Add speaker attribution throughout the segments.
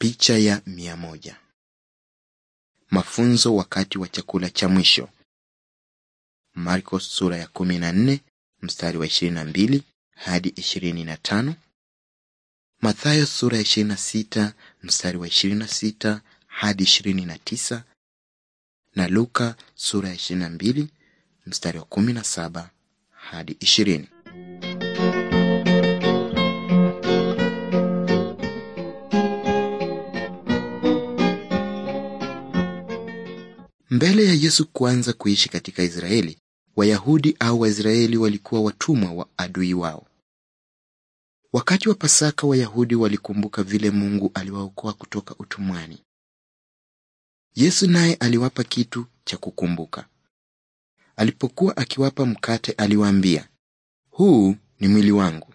Speaker 1: Picha ya mia moja Mafunzo wakati wa chakula cha mwisho. Marko sura ya nne mstari wa mbili hadi tano. Mathayo sura ya 26 mstari wa 26 hadi 29 na Luka sura ya 22 mstari wa saba hadi ishirini. Mbele ya Yesu kuanza kuishi katika Israeli, Wayahudi au Waisraeli walikuwa watumwa wa adui wao. Wakati wa Pasaka, Wayahudi walikumbuka vile Mungu aliwaokoa kutoka utumwani. Yesu naye aliwapa kitu cha kukumbuka. Alipokuwa akiwapa mkate, aliwaambia, huu ni mwili wangu.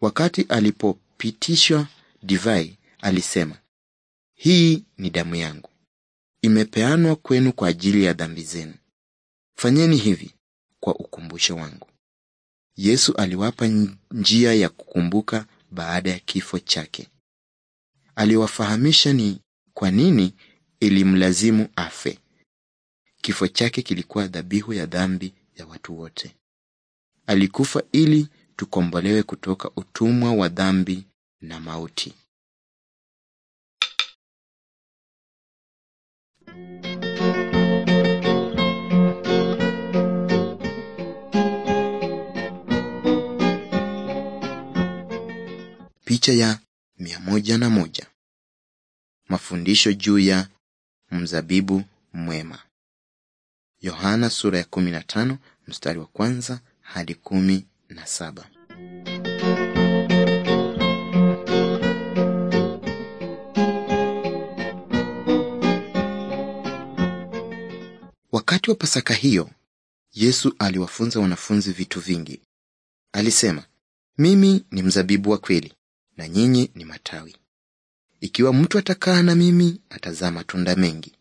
Speaker 1: Wakati alipopitishwa divai, alisema, hii ni damu yangu imepeanwa kwenu kwa ajili ya dhambi zenu. Fanyeni hivi kwa ukumbusho wangu. Yesu aliwapa njia ya kukumbuka baada ya kifo chake. Aliwafahamisha ni kwa nini ilimlazimu afe. Kifo chake kilikuwa dhabihu ya dhambi ya watu wote. Alikufa ili tukombolewe kutoka utumwa wa dhambi na mauti. Picha ya mia moja na moja. Mafundisho juu ya mzabibu mwema. Yohana sura ya 15 mstari wa kwanza hadi kumi na saba. Wakati wa Pasaka hiyo, Yesu aliwafunza wanafunzi vitu vingi. Alisema, mimi ni mzabibu wa kweli na nyinyi ni matawi. Ikiwa mtu atakaa na mimi, atazaa matunda mengi.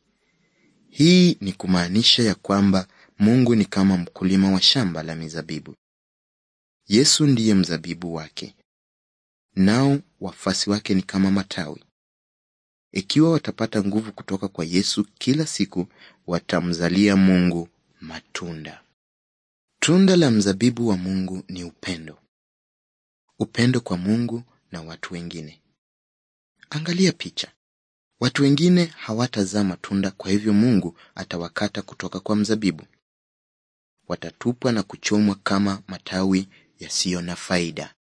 Speaker 1: Hii ni kumaanisha ya kwamba Mungu ni kama mkulima wa shamba la mizabibu. Yesu ndiye mzabibu wake, nao wafasi wake ni kama matawi. Ikiwa watapata nguvu kutoka kwa Yesu kila siku, watamzalia Mungu matunda. Tunda la mzabibu wa Mungu ni upendo. Upendo kwa Mungu na watu wengine. Angalia picha. Watu wengine hawatazaa matunda, kwa hivyo Mungu atawakata kutoka kwa mzabibu. Watatupwa na kuchomwa kama matawi yasiyo na faida.